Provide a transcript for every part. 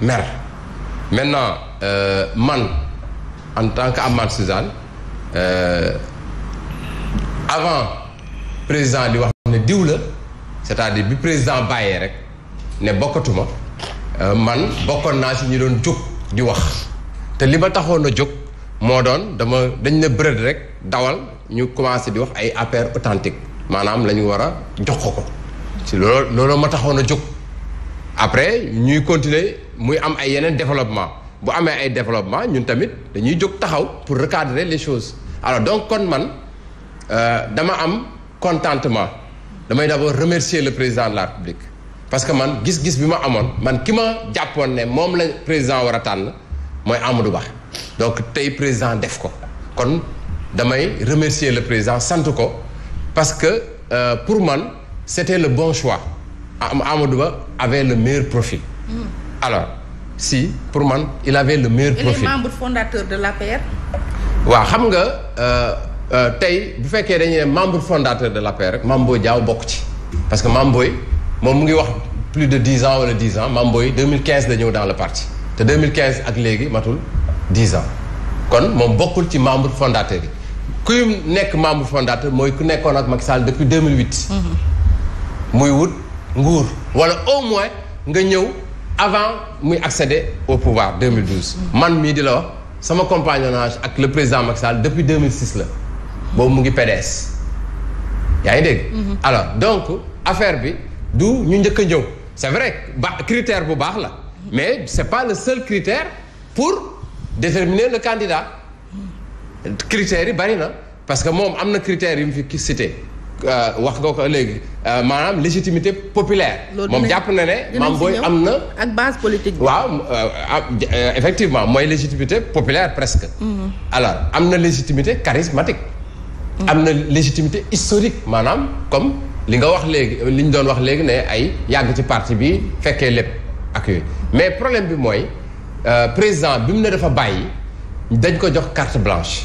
mer maintenant euh, man en tant que Amath Suzanne euh, avant président di wax ne diw la c'est-à-dire bi président bàyyee rek ne bokkatuma euh, man bokkoon naa si ñu doon jóg di wax te li ma taxoon a jóg moo doon dama dañ ne bërëd rek dawal ñu commencé di wax ay affaires authentiques maanaam la ñu war a jox ko ko si loolu loolu ma taxoon a jóg après ñuy continuer muy am ay yeneen développement bu amee ay développement ñun tamit dañuy jóg taxaw pour recadrer les choses alors donc kon man euh, dama am contentement damay d'abord remercier le président de la République parce que man gis-gis bi ma amoon man ki ma jàppoon ne moom la président war a tànn mooy Amadou Ba donc tey président def ko kon damay remercier le président sant ko parce que euh, pour man c'était le bon choix Amadou avait le meilleur profil. Hmm. Alors, si, pour moi, il avait le meilleur profil. Il est membre fondateur de l'APR oui, xam nga aujourd'hui, euh, bu fekkee qu'il ne membre fondateur de l'APR PR, Mame Boye Diao parce que Mamboy, il moom plus de 10 ans ou 10 ans Mamboy, 2015 il est dans le parti te 2015 ak léegi matul 10 ans kon mon beaucoup ci membre fondateur yi kuy membre fondateur moi, ku ak Macky depuis 2008. Hmm. muy wut voilà au moins nga avant muy accéder au pouvoir 2012. man mi di la sama compagnonnage avec le président Macky depuis 2006 la boobu mu PDS mhm. alors donc affaire bi du ñu c'est vrai critère pour baax mais c'est pas le seul critère pour déterminer le candidat critères parce que moi, j'ai un critère qui cité. Euh, wax nga ko léegi euh, maanaam légitimité populaire. moom jàpp na ne maam booy am na. ak base politique waaw euh, effectivement mooy légitimité populaire presque. Mhm. alors am na légitimité charismatique. Mhm. am na légitimité historique maanaam comme li nga wax léegi li ñu doon wax léegi ne ay yàgg ci parti bi fekkee lépp ak yooyu mais problème bi mooy président bi mu ne dafa bàyyi dañ ko jox carte blanche.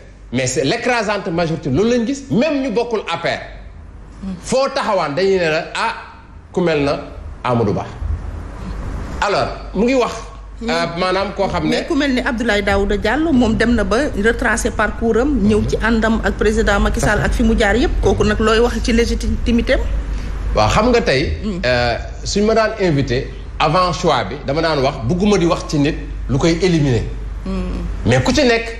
mais c'est l'écrasante majorité loolu lañ gis même ñu bokkul APR foo taxawaan dañuy ne la ah ku mel na Amadou Ba alors mu ngi wax euh, maanaam koo xam ne mais ku mel ni Abdoulaye Daouda Diallo moom dem na ba retracé parcours am ñëw ci àndam ak président Macky Sall ak fi mu jaar yépp kooku nag looy wax ci légitimité am waaw xam nga tey hmm. euh, suñ ma daan invité avant choix bi dama daan wax bugguma di wax ci nit lu koy éliminer hmm. mais ku ci nekk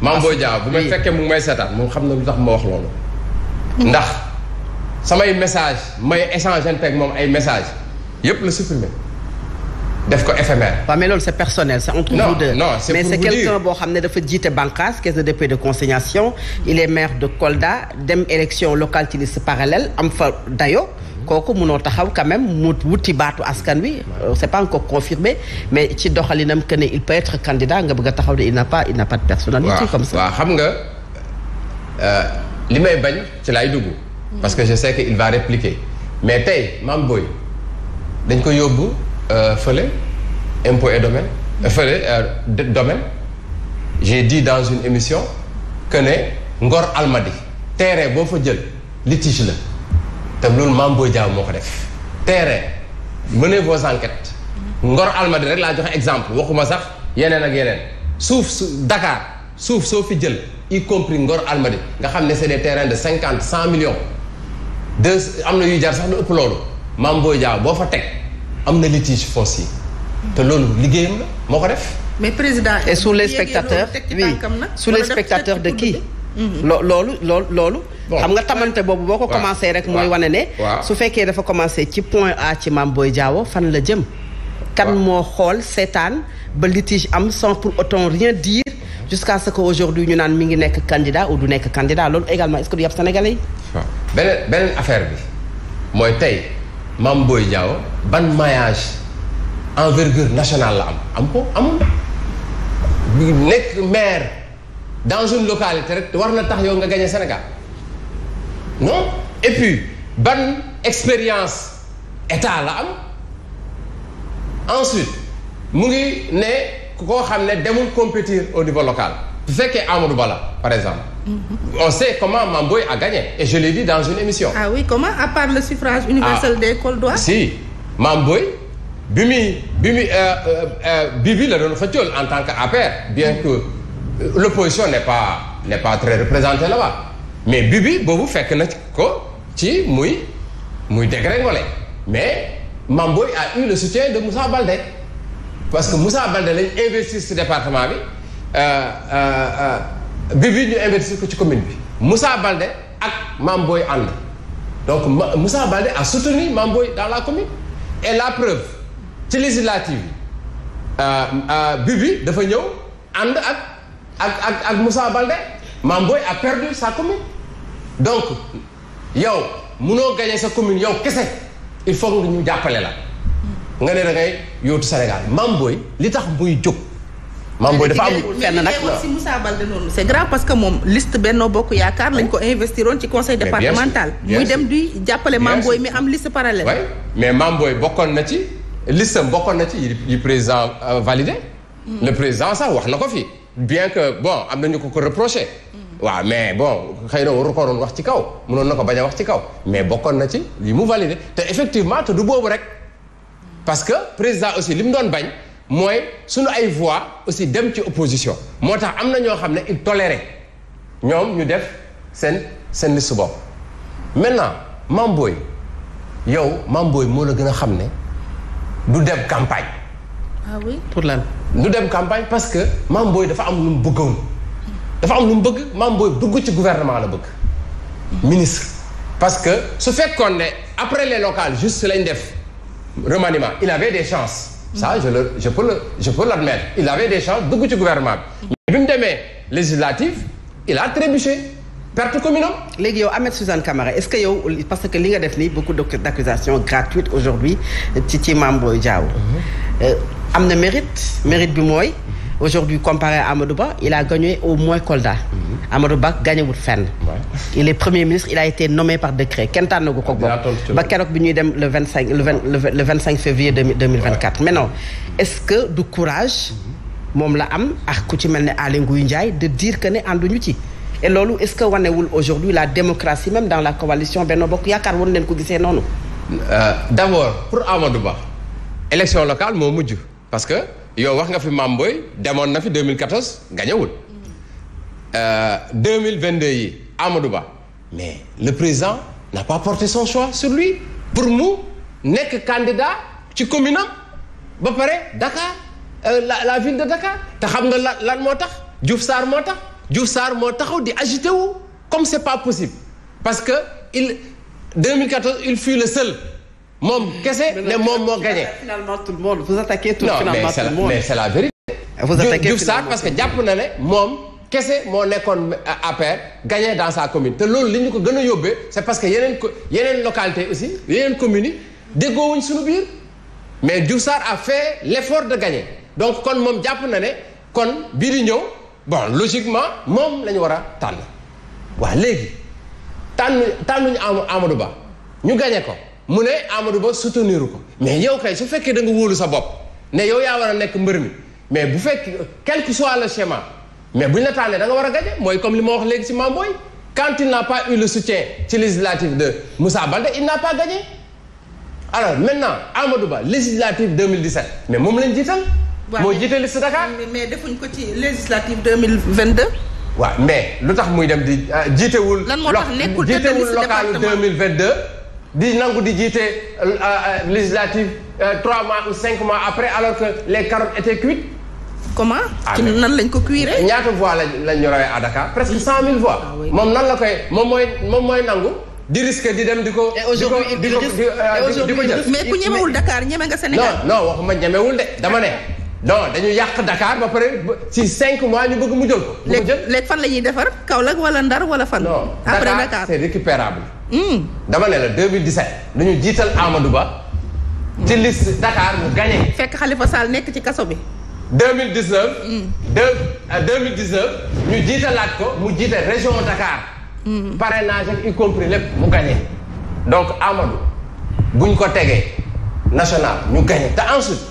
Mamboja, vous Diao bu que je suis may seetaan un xam na je wax je ndax message may échanger un moom un message le supprimer def ko éphémère. mais c'est personnel c'est entre vous deux. mais c'est quelqu'un qui a fait dafa Bankas, de de consignation il est maire de Kolda dem élection locale parallèle am kooku taxaw quand même mu wuti batu askan wi euh, c'est pas encore confirmé mais ci doxalinam que ne il peut être candidat nga bëgg taxaw il n'a pas il n'a pas de personnalité comme ça wa xam nga euh limay bañ ci parce que je sais qu'il va répliquer mais tay Mame boy dañ ko euh un impôt et domaine euh, fële euh, domaine j'ai dit dans une émission que ne Ngor Almadi terre bo fa jël litige la te loolu Mame Boye Diao moo ko def. terrain menez vos enquêtes. Ngor Almadi rek laa joxe exemple waxuma sax yeneen ak yeneen suuf su dakaar suuf soo fi jël y compris Ngor Almadi nga xam ne c'est des terrains de cinquante cent millions deux am na yuy jar sax lu ëpp loolu Mame Boye Diao boo fa teg am na litige foncier te loolu liggéeyam la moo ko def. mais président et sous les spectateurs oui su les spectateurs de qui. Mm-hmm. loo loolu loolu loolu. xam nga tamante boobu boo ko commencé rek mooy wane ne. su fekkee dafa commencé ci point A ci Mame Boye jaawo fan la jëm. kan moo xool seetaan ba litige am sans pour autant rien dire jusqu'à ce que aujourd'hui ñu naan mi ngi nekk candidat ou du nekk candidat loolu également est-ce que du yàpp sénégalais beneen beneen affaire bi mooy tey Mame booy Diao ban maillage envergure nationale la am am ko amul nekk maire. dans une localité tu war na tax Sénégal non et puis bonne expérience état à l'âme ensuite il n'est ne koo des compétir au niveau local tu sais Amadou Bala, par exemple mhm. on sait comment Mamboy a gagné et je l'ai dit dans une émission ah oui comment à part le suffrage universel ah. des cols si Mamboy Bimi, Bimi, euh, euh, Bibi euh, en tant qu'appel bien mhm. que l'opposition n'est pas n'est pas très représentée là-bas mais Bibi vous faites que ko ci muy muy dégringolé mais Mamboy a eu le soutien de Moussa Baldé parce que Moussa Baldé investit investi ce département là euh, euh, euh, Bibi a investi ce ci commune Moussa Baldé a Mamboy en donc Moussa Baldé a soutenu Mamboy dans la commune et la preuve c'est législative euh, Bibi dafa été... en avec Moussa a perdu sa commune donc yow munoo gagné sa commune qu'est-ce il faut que ñu la nous da ngay tout Sénégal Mamboy, li tax c'est grave parce que mon liste Benno Bokk nous lañ ko dans ci conseil départemental muy dem di jàppale Mamboy, mais liste parallèle mais Mamboy, Bokon na ci président euh, validé mm. le président ça wax bien que bon am na ñu ko ko reproché. Mm-hmm. waaw mais bon xëy na waru ko doon wax ci kaw mënoon na ko bañ a wax ci kaw mais bokkoon na ci li mu validé te effectivement te du boobu rek. parce que président aussi li mu doon bañ mooy suñu ay voix aussi dem ci opposition moo tax am na ñoo xam ne il toléré ñoom ñu def seen seen liste bopp. maintenant Mame Boye yow Mame Boye moo la gën a xam ne du dem campagne. ah oui pour lan. Nous devons campagne parce que Mamboy Boye dafa am lu mu bëggoon dafa am lu bëgg ci gouvernement la ministre parce que ce fait qu'on est après les locales juste l'INDEF, def remaniement il avait des chances ça je peux le je peux l'admettre il avait des chances de ci gouvernement mais demain, législatif, il a trébuché Père tout légui Les yow Ahmed Suzanne Camara est-ce que yow parce que li nga def beaucoup d'accusations gratuites aujourd'hui ci ci Amna mérite mérite bi Moy aujourd'hui comparé à Amadou il a gagné au moins Kolda. Mhm. Amadou Ba gagné wut fenn. il est premier ministre il a été nommé par décret Qu'est-ce ko bopp. ba kérok bi ñuy le 25 le 25 février 2024. mais non est-ce que du courage. momla la am ak ku ci melni de dire que ne ñu ci. et lolu est-ce que aujourd'hui la démocratie même dans la coalition Benno Bokk Yaakaar won train ko gisee non? Euh, d'abord pour Amadou Ba. élection locale mo dit parce que yow wax nga fi de Boye qui na fi 2014 euh 2022 yi Amadou Ba mais le président n'a pas porté son choix sur lui pour nous, nek candidat ci commune ba Dakar euh, la ville de Dakar te xam nga lan motax moo tax Diouf Sarr moo di comme c'est pas possible parce que il 2014 il fut le seul qu'est-ce? ne mom moo gagné. finalement tout le monde vous attaquez tout, finalement tout le monde mais c'est la vérité. vous attaquez Diouf ça parce que jàpp na ce que mon école à APR gagné dans sa commune te loolu li ñu ko gën c'est parce que y a une localité aussi une commune, des déggoowuñ suñu biir mais Diouf ça a fait l'effort de gagner donc quand mom jàpp na Birigno, kon bon logiquement mom la ñu war a les gars, léegi tànn tànnuñu Amadou Ba ñu quoi? mu ne Amadou Ba soutenir ko mais yow kay su fekkee da nga wóolu sa bopp ne yow yaa war a nekk mbër mi mais bu fekk quel que soit le schéma mais bu ñu la tànnee da nga war a gaje mooy comme li ma wax léegi ci Mamboy quand il n'a pas eu le soutien ci législative de Moussa Baldé il n'a pas gagné alors maintenant Amadou Ba législative 2017 mais moom lañ jiital. moo jiital si Dakar mais defuñ ko ci législative 2022. waaw mais lu tax muy dem di euh, jiitewul. lan moo tax nekkul jiitewul local 2022. di nangu di jiite euh, euh, euh, législative trois mois ou cinq mois après alors que les carottes étaient cuites. comment ci ah, nan lañ ko cuire ñaata voix lañ lañ ñu rawee à Dakar presque cent mille voix. Ah mom nan la koy mom moy mom moy nangu. di risque di dem di ko. di ko di ko di ko mais ku ñemewul Dakar ñëme nga Sénégal. non non waxuma ñemewul de dama né non dañu yàq Dakar ba pare si 5 mois ñu bëgg mu jël ko. mu jël fan la ñuy defar Kaolack wala Ndar wala fan. après Dakar c'est récupérable. Hmm. dama ne la 2017 dañu jiital Amadou Ba. ci liste Dakar mu gagné. fekk Khalifa Sall nekk ci kaso bi. da 2019. deux 2019 hmm. euh, ñu jiitalaat ko mu jiite région Dakar. Hmm. parrainage ak y compris lépp mu gagné. donc Amadou buñ ko tegee national ñu gagné te ensuite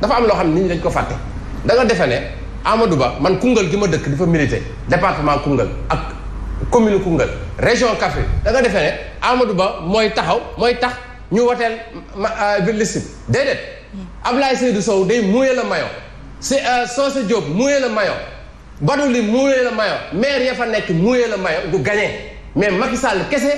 dafa am loo xam ne nit ñi dañ ko fàtte da nga defe ne Amadou Ba man Koungheul gi ma dëkk dafa milité département Koungheul ak. commune Koungheul région Kaffrine danga nga defee ne Amadou Ba mooy taxaw mooy tax ñu woteel ma euh, liste bi déedéet. Hmm. Ablaye Seydou Sow day mouiller le maillot si euh, Socé Diop mouiller mayo maillot Badouli mouiller le maillot maire ya fa nekk mouiller le maillot du gagné mais Sall kese.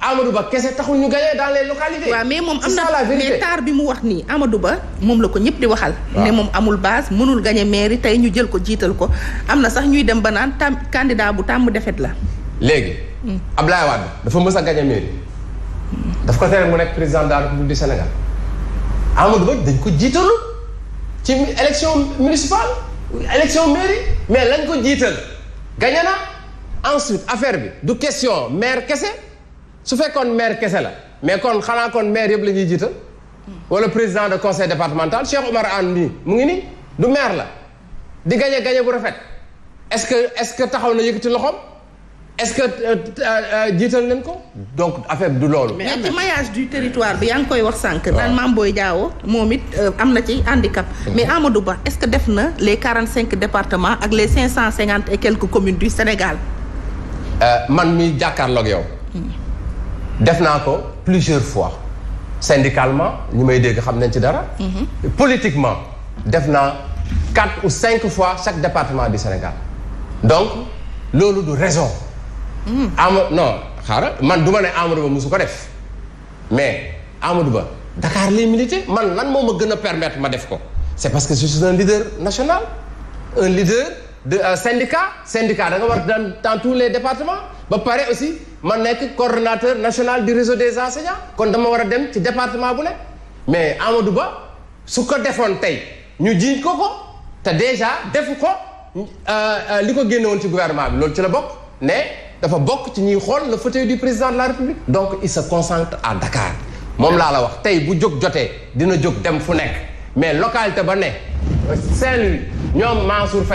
Amadou Ba kese taxul ñu gagné dans les localités. waaw mais moom am na mais taar bi mu wax nii amadu Ba moom la ko ñëpp di waxal. ne moom amul base mënul gagné mairie tey ñu jël ko jiital ko am na sax ñuy dem ba naan tam candidat bu tàmm defet la. léegi. Ablaye Wade dafa mës a gagné mairie. daf ko tere mu nekk président de la République du Sénégal. Amadou Ba dañ ko jiitalu ci élection municipale élection mairie mais lañ ko jiital gagné na ensuite affaire bi du question maire kese su fekkoon maire kese la mais kon xanaa koon maire yëpp la ñuy jiital wala président de conseil départemental Cheikh Omar Anne nii mu ngi nii du maire la di gagné gagné bu rafet est-ce que est-ce que taxaw na yëkkati loxoom. est-ce que as euh, dit euh, euh, ko. donc affaire du lolu mais le maillage du territoire bi yang a koy wax sank waaw mamboy Diao handicap. Mhm. mais Amadou est-ce que defna les 45 départements avec les 550 et quelques communes du Sénégal. man mi ak yow. Mhm. def ko plusieurs fois. syndicalement nous may des xam nañ ci dara. Mhm. politiquement defna 4 quatre ou 5 fois chaque département du Sénégal. donc lolu du raison. Hmm. Amadou non xaaral man du ma ne Amadou Ba su ko def mais Amadou Ba Dakar lay milité man lan moo ma gën a permettre ma def ko c'est parce que je suis un leader national un leader de euh, syndicat syndicat danga nga war dans tous les départements ba pare aussi ma nekk coordonnateur national du réseau des enseignants kon dama war a dem ci département bu ne mais Amadou Ba su ko defoon tey ñu jiiñ ko ko te déjà defu ko euh, euh, li ko génne woon ci gouvernement bi loolu ci la bokk ne dafa bok ci ñuy xol le fauteuil du président de la république donc il se concentre à Dakar mom la la wax tay bu jog joté dina jog dem fu nek mais localité ba né Saint-Louis ñoom Mansour